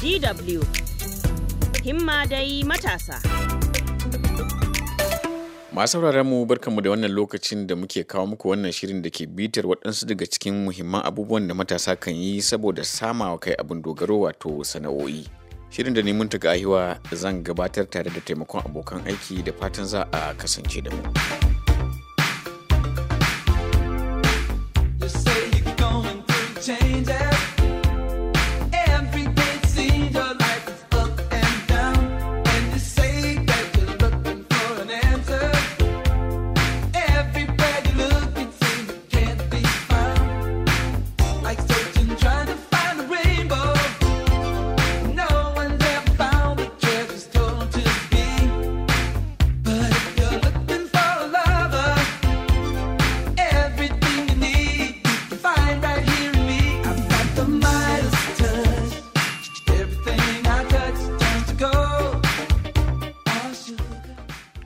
DW himma dai matasa. Masu mu barkanmu da wannan lokacin da muke kawo muku wannan shirin da ke bitar waɗansu daga cikin muhimman abubuwan da matasa kan yi saboda samawa kai abin dogaro wato sana'o'i. Shirin da neman ga ahiwa zan gabatar tare da taimakon abokan aiki da fatan za a kasance da mu. change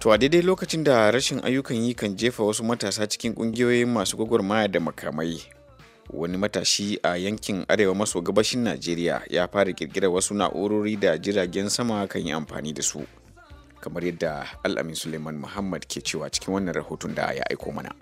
To a daidai lokacin da rashin ayyukan yi kan jefa wasu matasa cikin ƙungiyoyin masu gwagwarmaya da makamai. Wani matashi a yankin arewa maso gabashin Najeriya ya fara ƙirƙirar wasu na'urori da jiragen sama kan yi amfani da su. kamar yadda al'amin suleiman muhammad ke cewa cikin wannan rahoton da ya aiko mana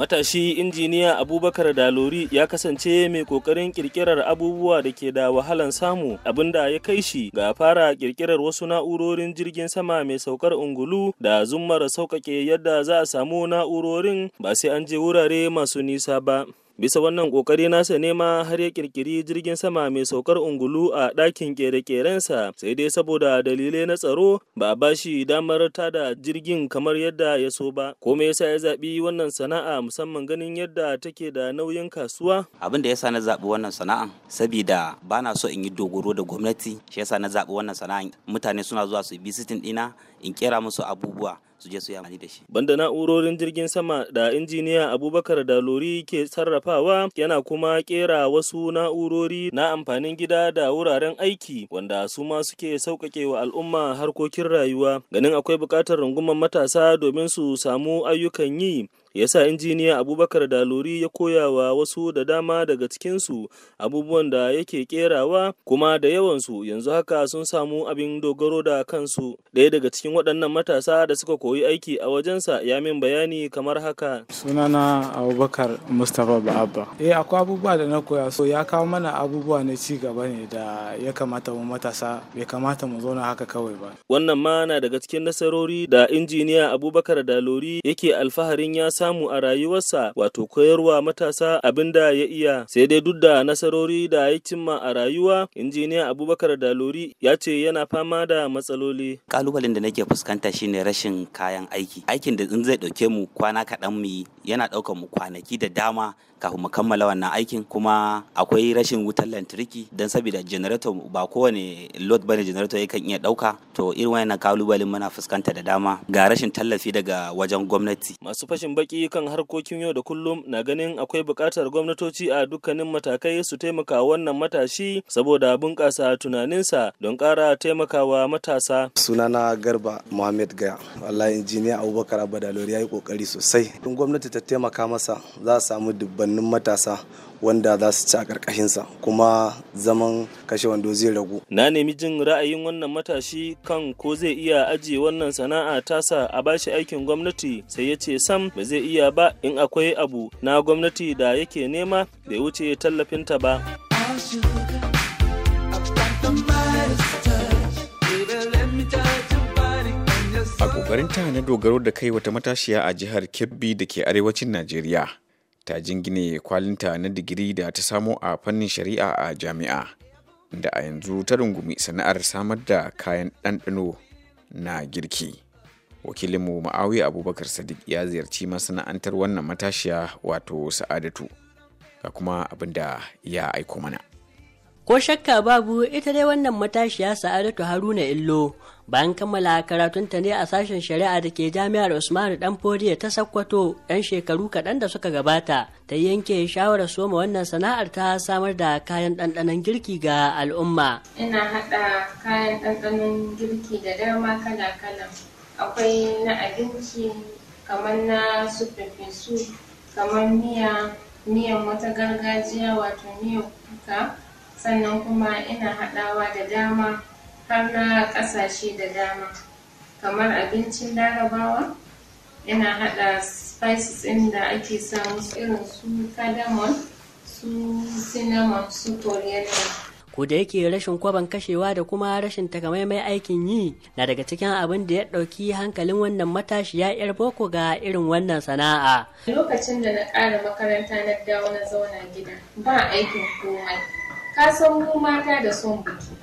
matashi injiniya abubakar dalori ya kasance mai kokarin kirkirar abubuwa da ke da wahalan samu abinda ya kai shi ga fara kirkirar wasu na'urorin jirgin sama mai saukar ungulu da zummar sauƙaƙe yadda za a samu na'urorin ba sai an je wurare masu nisa ba bisa wannan kokari nasa nema har ya kirkiri jirgin sama mai saukar ungulu a dakin kere-kerensa sai dai saboda dalilai na tsaro ba a bashi damar ta da jirgin kamar yadda ya so ba komai yasa ya zabi wannan sana'a musamman ganin yadda take da nauyin kasuwa abin da yasa na zaɓi wannan sana'a sabida ba na so in yi dogoro da gwamnati shi yasa na zaɓi wannan sana'a mutane suna zuwa su bisitin ɗina in kera musu abubuwa su je su yi amfani da shi. Banda na'urorin jirgin sama da injiniya Abubakar Dalori ke sarrafawa yana kuma kera wasu na'urori na amfanin gida da wuraren aiki wanda su ma suke sauƙaƙe wa al'umma harkokin rayuwa ganin akwai buƙatar rungumar matasa domin su samu ayyukan yi ya sa injiniya abubakar dalori ya koya wa wasu da dama daga cikinsu abubuwan da yake kerawa kuma da yawansu yanzu haka sun samu abin dogaro da kansu ɗaya daga cikin waɗannan matasa da suka koyi aiki a wajensa ya min bayani kamar haka sunana abubakar mustapha ba'abba eh akwai abubuwa da na koya so ya kawo mana abubuwa na ci gaba ne da ya kamata mu matasa bai kamata mu zauna haka kawai ba wannan ma na daga cikin nasarori da injiniya abubakar dalori yake alfaharin ya samu a rayuwarsa wato koyarwa matasa abin da ya iya sai dai duk da nasarori da ya cimma a rayuwa injiniya abubakar dalori ya ce yana fama da matsaloli kalubalen da nake fuskanta shine rashin kayan aiki aikin da in zai dauke mu kwana kaɗan mu yana ɗaukar mu kwanaki da dama kafin mu kammala wannan aikin kuma akwai rashin wutar lantarki don saboda generator ba kowane load bane generator yakan iya ɗauka to irin wannan kalubalen muna fuskanta da dama ga rashin tallafi daga wajen gwamnati masu fashin baki baki kan harkokin yau da kullum na ganin akwai buƙatar gwamnatoci a dukkanin matakai su taimaka wannan matashi saboda bunƙasa tunaninsa don ƙara taimakawa matasa. Sunana Garba Muhammad Gaya, wallahi injiniya Abubakar Abadalori ya yi ƙoƙari sosai. In gwamnati ta taimaka masa za a samu dubbannin matasa wanda za su ci a ƙarƙashinsa kuma zaman kashe wando zai ragu. Na nemi jin ra'ayin wannan matashi kan ko zai iya ajiye wannan sana'a tasa a bashi aikin gwamnati sai ya ce sam ba zai iya ba in akwai abu na gwamnati da yake nema da ya wuce tallafin ta ba. A ta na dogaro da kai wata matashiya a jihar Kebbi da ke arewacin Najeriya. ta jingine kwalinta na digiri da ta samo a fannin shari'a a jami'a da a yanzu ta rungumi sana'ar samar da kayan ɗanɗano na girki wakilinmu ma'awi abubakar sadiq ya ziyarci masana'antar wannan matashiya wato sa'adatu ga kuma abin da ya aiko mana Ko shakka babu ita dai wannan matashiya Sa'adatu Haruna Illo bayan kammala karatunta ne a sashen shari'a da ke jami'ar Usmanu Danfodiya ta Sakkwato 'yan shekaru kaɗan da suka gabata ta yanke shawarar soma wannan sana'ar ta samar da kayan ɗanɗanon girki ga al'umma. Ina haɗa kayan ɗanɗanon girki da dama kala-kala. Akwai na abinci kamar na su kamar miya miyan wata gargajiya wato miyan kuka sannan kuma ina haɗawa da dama har na ƙasashe da dama kamar abincin larabawa ina haɗa spices ɗin da ake sa musu irin su cardamom su cinnamon su coriander ko da yake rashin kwaban kashewa da kuma rashin takamaiman aikin yi na daga cikin abin da ya ɗauki hankalin wannan matashi ya 'yar boko ga irin wannan sana'a lokacin da na ƙara makaranta na dawo na zauna gida ba aikin komai ka san mu mata da son butu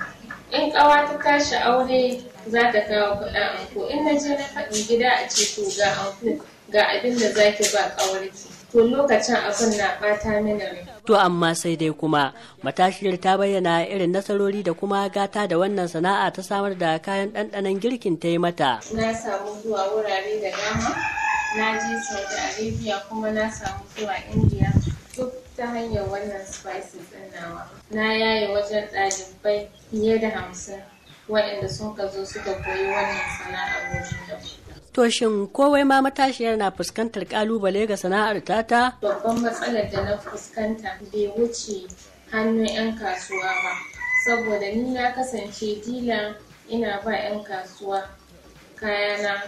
in ƙawa ta tashi aure za ta kawo kuɗa anko in na je na faɗi gida a ce to ga anko ga abin da za ki ba ƙawarki to lokacin abin na ɓata mini To amma sai dai kuma matashiyar ta bayyana irin nasarori da kuma gata da wannan sana'a ta samar da kayan ɗanɗanon girkin ta yi mata. Na samu zuwa wurare da dama, na je Saudi Arabia kuma na samu zuwa India. duk ta hanyar wannan spices ɗin nawa na yaye wajen ɗalibai fiye da hamsin waɗanda sun ka zo suka koyi wannan sana'ar wajen da To shin kowai ma matashiyar na fuskantar kalubale ga sana'ar tata? Babban matsalar da na fuskanta bai wuce hannun 'yan kasuwa ba, saboda ni na kasance dila ina ba 'yan kasuwa kayana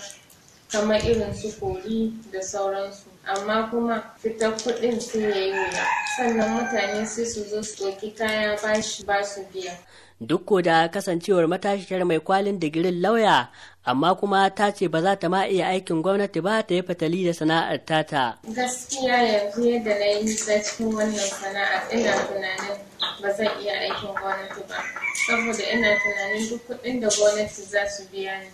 kamar irin su kori da sauransu. amma kuma fita kuɗin sun ya yi wuya sannan mutane sai su zo su ɗauki kaya bashi ba su biya duk da kasancewar matashiyar mai kwalin digirin lauya amma kuma ta ce ba za ta ma iya aikin gwamnati ba ta yi fatali da sana'ar ta. gaskiya yanzu yadda na yi nisa cikin wannan sana'ar, ina tunanin ba zan iya aikin gwamnati ba saboda ina tunanin duk kuɗin da gwamnati za su biya ni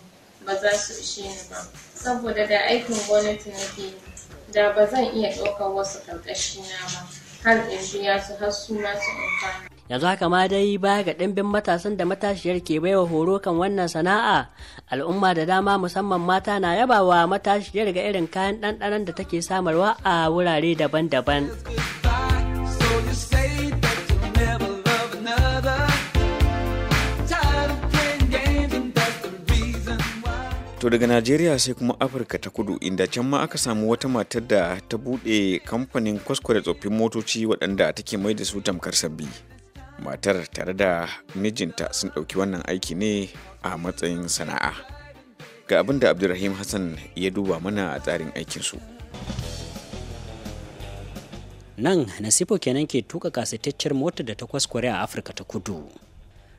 ba za su ishe ni ba saboda da aikin gwamnati nake yi da ba zan iya ɗaukar wasu ƙarƙashina ba har in biya su har su masu amfani. yanzu haka ma dai baya ga ɗimbin matasan da matashiyar ke baiwa horo kan wannan sana'a al'umma da dama musamman mata na yabawa matashiyar ga irin kayan ɗanɗanon da take samarwa a wurare daban-daban. To daga Najeriya sai kuma Afirka ta kudu inda can ma aka samu wata matar da ta buɗe kamfanin da tsoffin motoci waɗanda take mai da su tamkar sabbi. Matar tare da mijinta sun ɗauki wannan aiki ne a matsayin sana'a. Ga abin da Abdulrahim Hassan ya duba mana a tsarin aikinsu. Nan Nasifo kenan ke tuka kasataccen motar da ta kwaskware a Afirka ta kudu.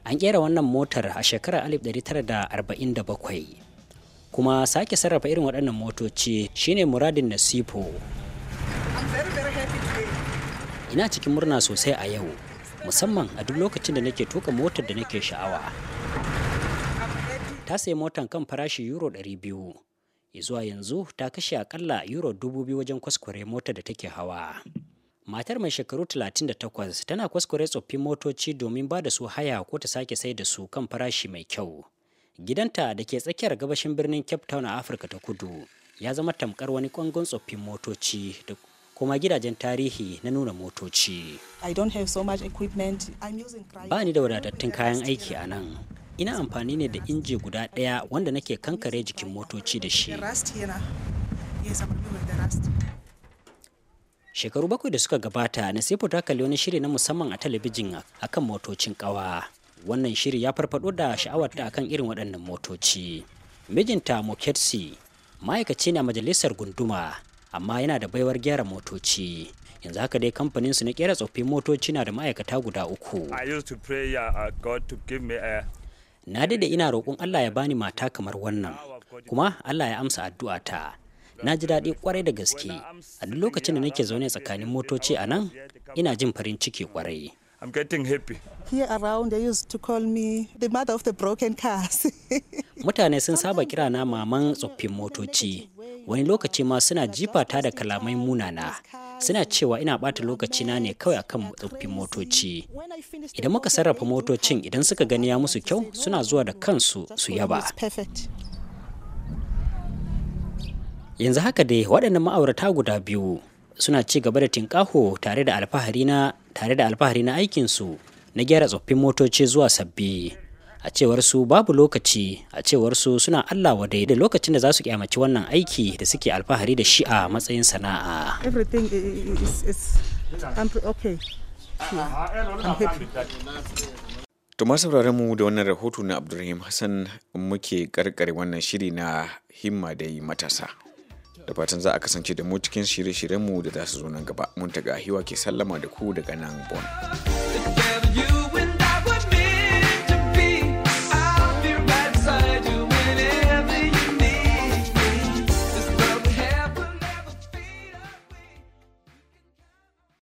An kera wannan motar a shekarar 1947 kuma sake sarrafa irin waɗannan motoci shine muradin nasifo ina cikin murna sosai a yau musamman a duk lokacin da nake tuka motar da nake sha'awa ta sayi motan kan farashi euro 200 zuwa yanzu ta kashe akalla euro 2000 wajen kwaskware motar da take hawa matar mai shekaru 38 tana kwaskware tsoffin motoci domin ba da su haya ko ta sake sai da su kan farashi mai kyau gidanta da ke tsakiyar gabashin birnin cape town a afirka ta kudu ya zama tamkar wani kwangon tsoffin motoci da kuma gidajen tarihi na nuna motoci ba ni da wadatattun kayan aiki a nan ina amfani ne da inji guda ɗaya wanda nake kankare jikin motoci da shi shekaru bakwai da suka gabata na ta kalli wani shiri na musamman a talabijin akan motocin kawa wannan shiri ya farfado da sha'awarta akan irin waɗannan motoci mijinta moketsi ma'aikaci ne a majalisar gunduma amma yana da baiwar gyara motoci yanzu haka dai kamfanin su na kera tsoffin motoci na da ma'aikata guda uku uh, na dade ina roƙon Allah ya bani mata kamar wannan kuma Allah ya amsa addu'a ta. na ji daɗi kwarai da gaske a duk lokacin da nake zaune tsakanin motoci a nan ina jin farin ciki kwarai I'm getting happy. Here around they used to call me the mother of the broken cars. Mutane sun saba kira na maman tsoffin motoci. Wani lokaci ma suna jifa ta da kalamai munana. Suna cewa ina lokaci lokacina ne kawai akan tsoffin motoci. Idan muka sarrafa motocin idan suka gani ya musu kyau suna zuwa da kansu su yaba. Yanzu haka dai waɗannan ma'aurata guda biyu suna ci gaba da tinkaho tare da alfahari na tare da alfahari na aikinsu na gyara tsoffin motoci zuwa sabbi a cewar su babu lokaci a cewar su suna Allah wadai da lokacin da za su kyamaci wannan aiki da suke alfahari da shi a matsayin sana'a everything is, is mu da wannan rahoto na Abdulrahim Hassan muke karkare wannan shiri na himma dai matasa. da fatan za a kasance da mu cikin shirye-shiryenmu da za su zo nan gaba mun taga hiwa ke sallama da ku daga nan bon